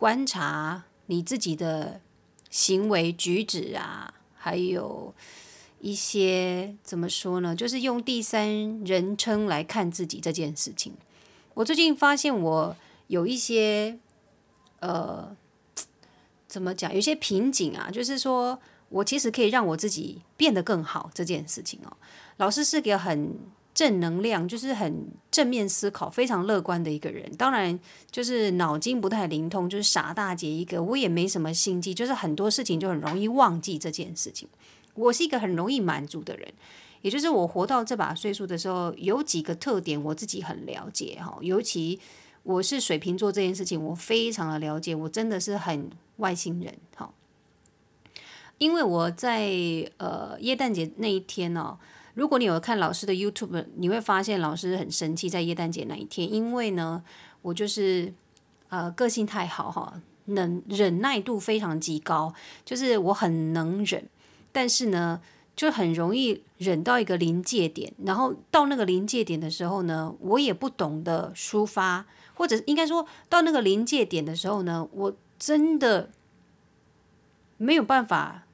觀察你自己的行為舉止啊，還有一些怎麼說呢？就是用第三人稱來看自己這件事情。我最近發現我有一些，呃，怎麼講？有些瓶頸啊，就是說我其實可以讓我自己變得更好這件事情哦。老師是個很。正能量就是很正面思考，非常樂觀的一個人。當然就是腦筋不太靈通，就是傻大姐一個。我也沒什麼心機，就是很多事情就很容易忘記這件事情。我是一個很容易滿足的人，也就是我活到這把歲數的時候，有幾個特點我自己很了解哈。尤其我是水瓶座這件事情，我非常的了解，我真的是很外星人哈。因為我在呃耶誕節那一天呢，哦。如果你有看老師的 YouTube，你會發現老師很生氣，在耶誕節那一天，因為呢，我就是呃個性太好哈，能忍耐度非常極高，就是我很能忍，但是呢，就很容易忍到一個臨界點，然後到那個臨界點的時候呢，我也不懂得抒發，或者應該說到那個臨界點的時候呢，我真的沒有辦法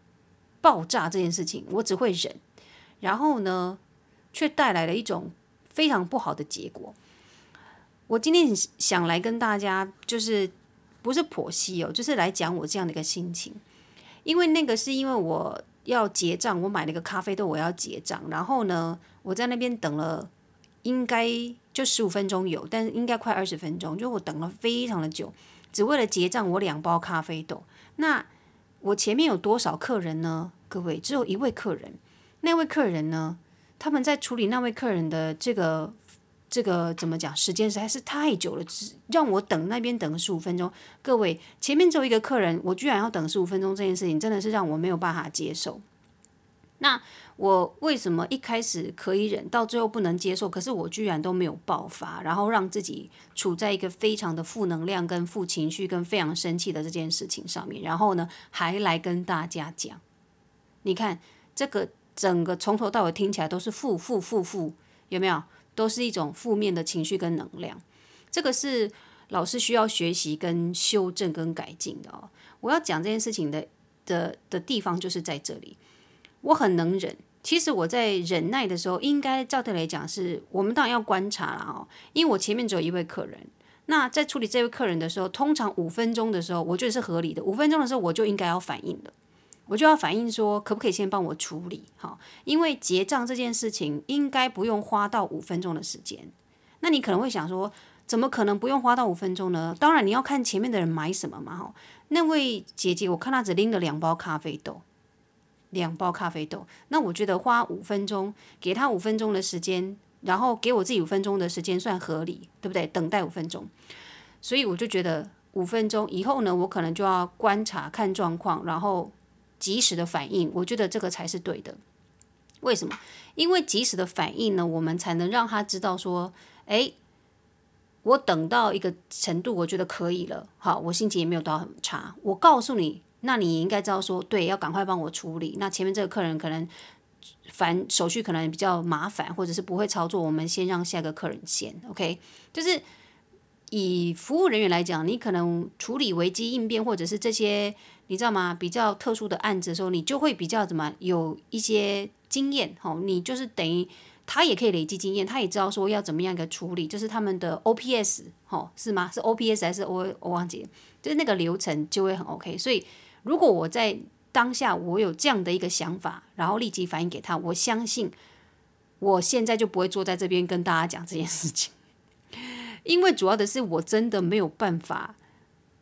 爆炸這件事情，我只會忍。然後呢，卻帶來了一種非常不好的結果。我今天想來跟大家，就是不是剖析哦，就是來講我這樣的一個心情。因為那個是因為我要結賬，我買了一個咖啡豆，我要結賬。然後呢，我在那邊等了，應該就十五分鐘有，但是應該快二十分鐘，就我等了非常的久，只為了結賬。我兩包咖啡豆，那我前面有多少客人呢？各位，只有一位客人。那位客人呢，他們在處理那位客人的這個這個怎麼講？時間實在是太久了，只讓我等那邊等十五分鐘。各位，前面只有一個客人，我居然要等十五分鐘，這件事情真的是讓我沒有辦法接受。那我為什麼一開始可以忍，到最後不能接受？可是我居然都沒有爆發，然後讓自己處在一個非常的負能量、跟負情緒、跟非常生氣的這件事情上面。然後呢，還來跟大家講，你看這個。整個從頭到尾聽起來都是負負負負，有沒有？都是一種負面的情緒跟能量，這個是老師需要學習跟修正跟改進的哦。我要講這件事情的的的地方就是在這裡。我很能忍，其實我在忍耐的時候，應該照道理來講是，是我們當然要觀察了哦。因為我前面只有一位客人，那在處理這位客人的時候，通常五分鐘的時候，我覺得是合理的。五分鐘的時候，我就應該要反應的。我就要反映說，可不可以先幫我處理？好，因為結賬這件事情應該不用花到五分鐘的時間。那你可能會想說，怎麼可能不用花到五分鐘呢？當然你要看前面的人買什麼嘛。哈，那位姐姐，我看她只拎了兩包咖啡豆，兩包咖啡豆。那我覺得花五分鐘，給她五分鐘的時間，然後給我自己五分鐘的時間，算合理，對不對？等待五分鐘。所以我就覺得五分鐘以後呢，我可能就要觀察看狀況，然後。及時的反應，我覺得這個才是對的。為什麼？因為及時的反應呢，我們才能讓他知道說，哎，我等到一個程度，我覺得可以了，好，我心情也沒有到很差。我告訴你，那你也應該知道說，對，要趕快幫我處理。那前面這個客人可能煩手續可能比較麻煩，或者是不會操作，我們先讓下一個客人先。OK，就是。以服務人員來講，你可能處理危機應變，或者是這些你知道嗎？比較特殊的案子的時候，你就會比較怎麼有一些經驗，吼，你就是等於他也可以累積經驗，他也知道說要怎麼樣一個處理，就是他們的 O P S，吼，是嗎？是 O P S 還是 O？我忘記，就是那個流程就會很 O K。所以如果我在當下我有這樣的一個想法，然後立即反映給他，我相信我現在就不會坐在這邊跟大家講這件事情。因為主要的是，我真的沒有辦法，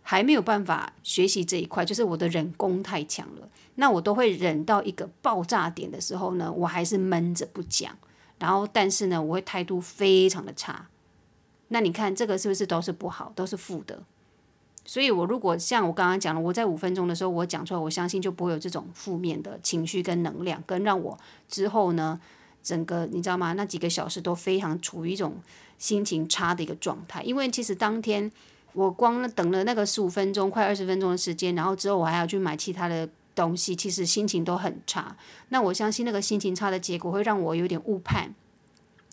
還沒有辦法學習這一塊，就是我的忍功太強了。那我都會忍到一個爆炸點的時候呢，我還是悶着不講。然後，但是呢，我會態度非常的差。那你看這個是不是都是不好，都是負的？所以，我如果像我剛剛講了，我在五分鐘的時候我講出來，我相信就不會有這種負面的情緒跟能量跟讓我之後呢。整個你知道嗎？那幾個小時都非常處於一種心情差的一個狀態，因為其實當天我光等了那個十五分鐘、快二十分鐘的時間，然後之後我還要去買其他的東西，其實心情都很差。那我相信那個心情差的結果會讓我有點誤判，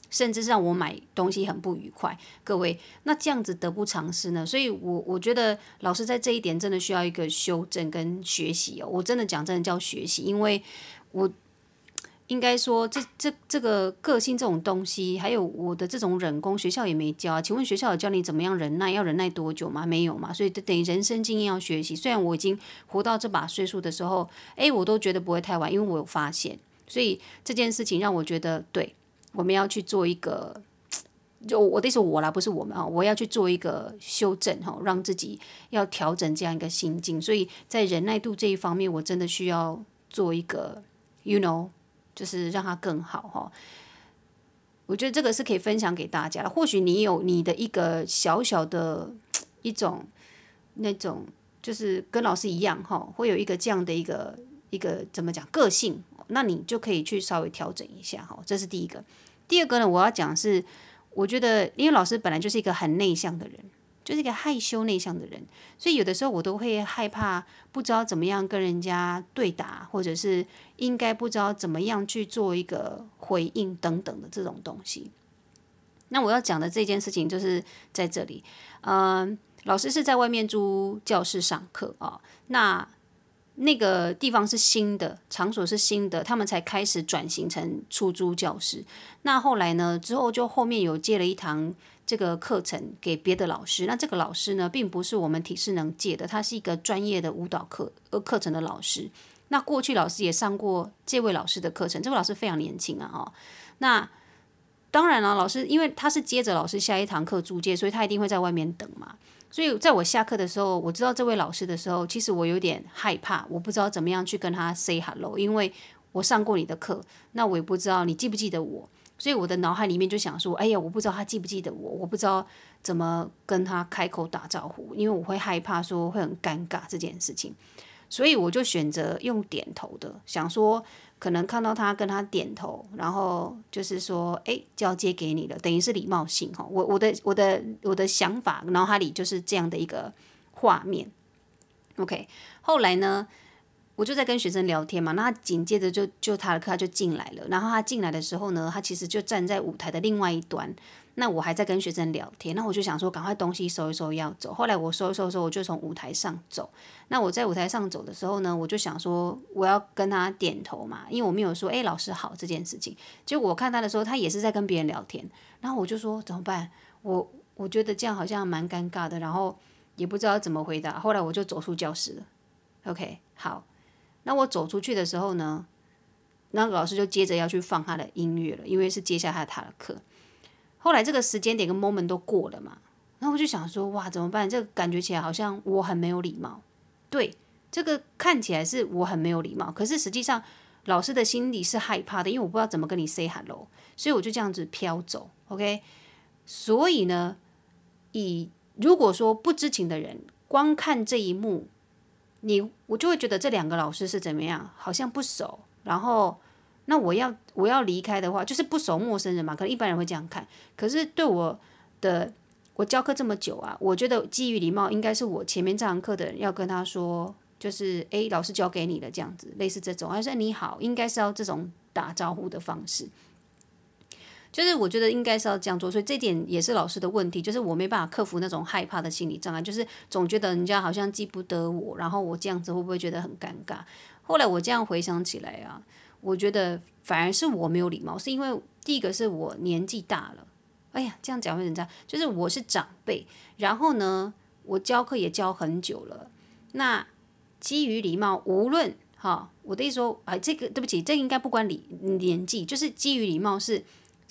甚至讓我買東西很不愉快。各位，那這樣子得不償失呢？所以我，我我覺得老師在這一點真的需要一個修正跟學習哦。我真的講真的叫學習，因為我。應該說，這、這、這個個性這種東西，還有我的這種忍功，學校也沒教啊。請問學校有教你怎麼樣忍耐，要忍耐多久嗎？沒有嘛，所以等於人生經驗要學習。雖然我已經活到這把歲數的時候，誒，我都覺得不會太晚，因為我有發現。所以這件事情讓我覺得，對，我們要去做一個，就我的意思，我啦，不是我們啊，我要去做一個修正哈，讓自己要調整這樣一個心境。所以在忍耐度這一方面，我真的需要做一個，you know。就是讓他更好哈，我覺得這個是可以分享給大家的。或許你有你的一個小小的一種那種，就是跟老師一樣哈，會有一個這樣的一個一個怎麼講個性，那你就可以去稍微調整一下哈。這是第一個，第二個呢，我要講是，我覺得因為老師本來就是一個很內向的人。就是一個害羞內向的人，所以有的時候我都會害怕，不知道怎麼樣跟人家對答，或者是應該不知道怎麼樣去做一個回應等等的這種東西。那我要講的這件事情就是在這裡，嗯、呃，老師是在外面租教室上課啊、哦，那那個地方是新的，場所是新的，他們才開始轉型成出租教室。那後來呢，之後就後面有接了一堂這個課程給別的老師，那這個老師呢，並不是我們體適能借的，他是一個專業的舞蹈課呃課程的老師。那過去老師也上過這位老師的課程，這位老師非常年輕啊。哦，那當然了，啊，老師因為他是接着老師下一堂課租借，所以他一定會在外面等嘛。所以在我下課的時候，我知道這位老師的時候，其實我有點害怕，我不知道怎麼樣去跟他 say hello，因為我上過你的課，那我也不知道你記不記得我。所以我的腦海裡面就想說，哎呀，我不知道他記不記得我，我不知道怎麼跟他開口打招呼，因為我會害怕說會很尷尬這件事情，所以我就選擇用點頭的，想說可能看到他跟他點頭，然後就是說，哎、欸，交接給你了，等於是禮貌性哈。我我的我的我的想法腦海裡就是這樣的一個畫面。OK，後來呢？我就在跟學生聊天嘛，那他緊接着就就他的課他就進來了，然後他進來的時候呢，他其實就站在舞台的另外一端，那我還在跟學生聊天，那我就想說趕快東西收一收要走，後來我收一收一收我就從舞台上走，那我在舞台上走的時候呢，我就想說我要跟他點頭嘛，因為我沒有說哎，老師好這件事情，結果我看他的時候，他也是在跟別人聊天，然後我就說怎麼辦？我我覺得這樣好像蠻尷尬的，然後也不知道怎麼回答，後來我就走出教室了，OK。Okay, 好。那我走出去的時候呢，那個老師就接着要去放他的音樂了，因為是接下他的他的課。後來這個時間點跟 moment 都過了嘛，然後我就想說，哇，怎麼辦？這個感覺起來好像我很沒有禮貌。對，這個看起來是我很沒有禮貌，可是實際上老師的心裡是害怕的，因為我不知道怎麼跟你 say hello，所以我就這樣子飄走。OK，所以呢，以如果說不知情的人，光看這一幕。你我就會覺得這兩個老師是怎麼樣，好像不熟。然後，那我要我要離開的話，就是不熟陌生人嘛，可能一般人會這樣看。可是對我的，我教課這麼久啊，我覺得基於禮貌，應該是我前面這堂課的人要跟他說，就是哎，老師教給你的這樣子，類似這種，還是你好，應該是要這種打招呼的方式。就是我覺得應該是要這樣做，所以這點也是老師的問題。就是我沒辦法克服那種害怕的心理障礙，就是總覺得人家好像記不得我，然後我這樣子會不會覺得很尷尬？後來我這樣回想起來啊，我覺得反而是我沒有禮貌，是因為第一個是我年紀大了。哎呀，這樣講會人家就是我是長輩，然後呢，我教課也教很久了。那基於禮貌，無論哈、哦，我的意思說，哎、啊，這個對不起，這個、應該不關禮年紀，就是基於禮貌是。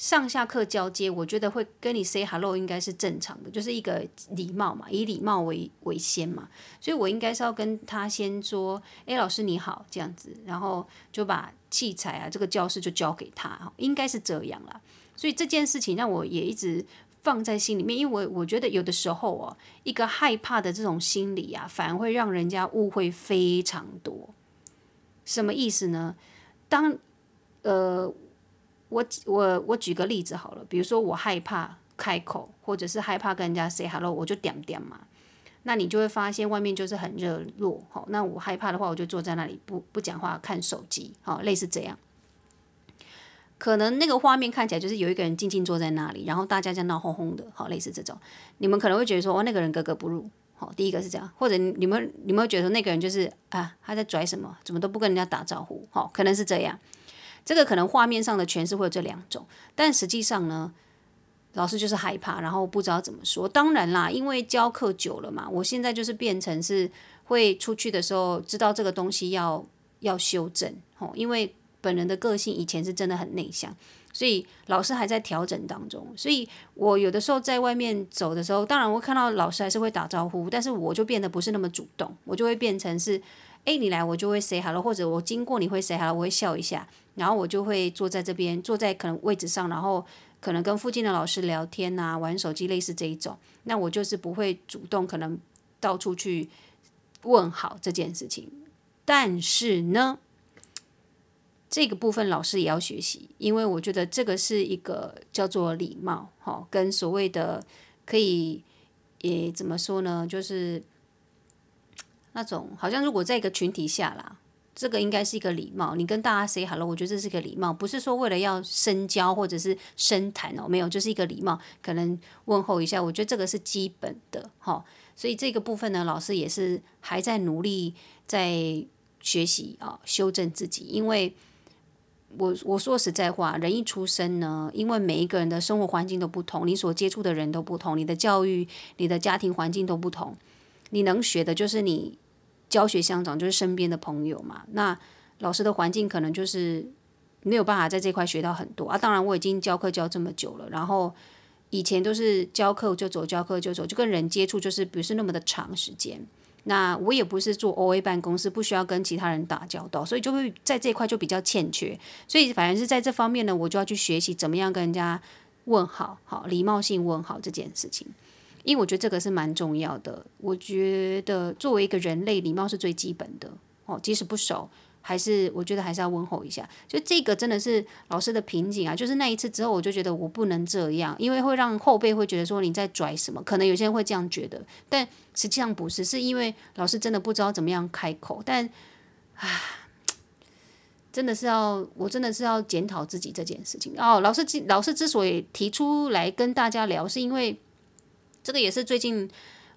上下課交接，我覺得會跟你 say hello 應該是正常的，就是一個禮貌嘛，以禮貌為為先嘛，所以我應該是要跟他先說，哎，老師你好，這樣子，然後就把器材啊，這個教室就交給他，應該是這樣啦，所以這件事情讓我也一直放在心裡面，因為我，我覺覺得有的時候哦，一個害怕的這種心理啊，反而會讓人家誤會非常多。什麼意思呢？當呃。我我我舉個例子好了，比如說我害怕開口，或者是害怕跟人家 say hello，我就點點嘛。那你就會發現外面就是很熱絡，好，那我害怕的話，我就坐在那裡不不講話，看手機，好，類似這樣。可能那個畫面看起來就是有一個人靜靜坐在那裡，然後大家在鬧哄哄的，好，類似這種。你們可能會覺得說，哦，那個人格格不入，好，第一個是這樣。或者你們你們會覺得那個人就是啊，他在拽什麼，怎麼都不跟人家打招呼，好，可能是這樣。這個可能畫面上的詮釋會有這兩種，但實際上呢，老師就是害怕，然後不知道怎麼說。當然啦，因為教課久了嘛，我現在就是變成是會出去的時候知道這個東西要要修正哦。因為本人的個性以前是真的很內向，所以老師還在調整當中。所以我有的時候在外面走的時候，當然我看到老師還是會打招呼，但是我就變得不是那麼主動，我就會變成是，哎，你來我就會 say hello，或者我經過你會 say hello，我會笑一下。然後我就會坐在這邊，坐在可能位置上，然後可能跟附近的老師聊天啊，玩手機類似這一種。那我就是不會主動可能到處去問好這件事情。但是呢，這個部分老師也要學習，因為我覺得這個是一個叫做禮貌，哈，跟所謂的可以，也怎麼說呢，就是那種好像如果在一個群體下啦。這個應該是一個禮貌，你跟大家 say hello，我覺得這是一個禮貌，不是說為了要深交或者是深談哦，沒有，就是一個禮貌，可能問候一下，我覺得這個是基本的哈、哦。所以這個部分呢，老師也是還在努力在學習啊、哦，修正自己，因為我，我我說實在話，人一出生呢，因為每一個人的生活環境都不同，你所接觸的人都不同，你的教育、你的家庭環境都不同，你能學的就是你。教學相長就是身邊的朋友嘛，那老師的環境可能就是沒有辦法在這塊學到很多啊。當然我已經教課教這麼久了，然後以前都是教課就走，教課就走，就跟人接觸就是不是那麼的長時間。那我也不是做 OA 辦公室，不需要跟其他人打交道，所以就會在這塊就比較欠缺。所以反而是在這方面呢，我就要去學習怎麼樣跟人家問好，好禮貌性問好這件事情。因為我覺得這個是蠻重要的。我覺得作為一個人類，禮貌是最基本的哦。即使不熟，還是我覺得還是要問候一下。就這個真的是老師的瓶頸啊。就是那一次之後，我就覺得我不能這樣，因為會讓後輩會覺得說你在拽什麼。可能有些人會這樣覺得，但實際上不是，是因為老師真的不知道怎麼樣開口。但啊，真的是要我真的是要檢討自己這件事情哦。老師之老師之所以提出來跟大家聊，是因為。這個也是最近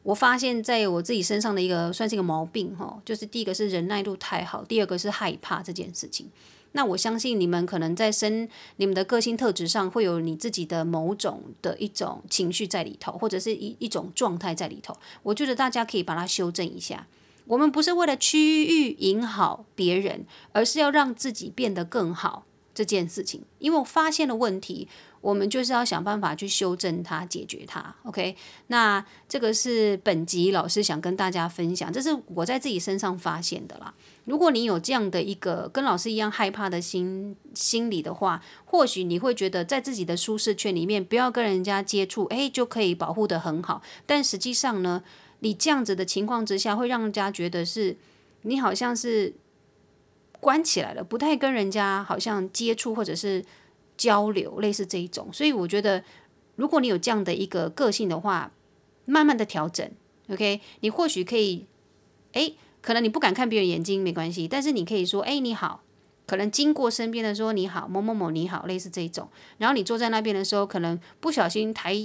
我發現在我自己身上的一個算是一個毛病哈，就是第一個是忍耐度太好，第二個是害怕這件事情。那我相信你們可能在身你們的個性特質上會有你自己的某種的一種情緒在裡頭，或者是一一種狀態在裡頭。我覺得大家可以把它修正一下。我們不是為了區域贏好別人，而是要讓自己變得更好，這件事情。因為我發現了問題。我們就是要想辦法去修正它，解決它。OK，那這個是本集老師想跟大家分享，這是我在自己身上發現的啦。如果你有這樣的一個跟老師一樣害怕的心心理的話，或許你會覺得在自己的舒適圈裡面，不要跟人家接觸，欸，就可以保護得很好。但實際上呢，你這樣子的情況之下，會讓人家覺得是你好像是關起來了，不太跟人家好像接觸，或者是。交流類似這一種，所以我覺得，如果你有這樣的一個個性的話，慢慢的調整，OK，你或許可以，哎、欸，可能你不敢看別人眼睛沒關係，但是你可以說，哎、欸，你好，可能經過身邊的說你好，某某某你好，類似這一種，然後你坐在那邊的時候，可能不小心抬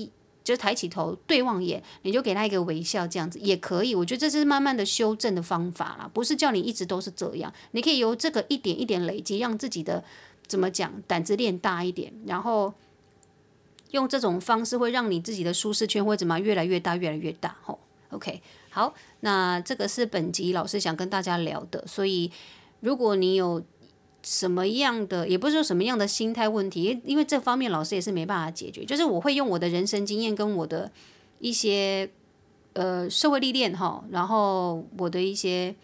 就抬起頭對望眼，你就給他一個微笑，這樣子也可以。我覺得這是慢慢的修正的方法啦，不是叫你一直都是這樣，你可以由這個一點一點累積，讓自己的。怎麼講？膽子練大一點，然後用這種方式會讓你自己的舒適圈會怎麼越來越大，越來越大。吼，OK，好，那這個是本集老師想跟大家聊的。所以，如果你有什麼樣的，也不是說什麼樣的心態問題，因為因為這方面老師也是沒辦法解決，就是我會用我的人生經驗跟我的一些呃社會歷練哈，然後我的一些。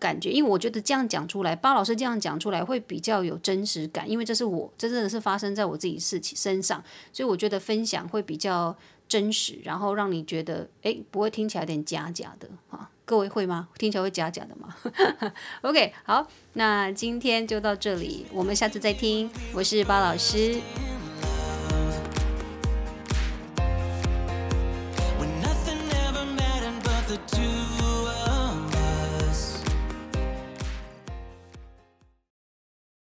感覺，因為我覺得這樣講出來，巴老師這樣講出來會比較有真實感，因為這是我這真正的是發生在我自己事情身上，所以我覺得分享會比較真實，然後讓你覺得，哎，不會聽起來有點假假的，啊，各位會嗎？聽起來會假假的嗎 ？OK，好，那今天就到這裡，我們下次再聽。我是巴老師。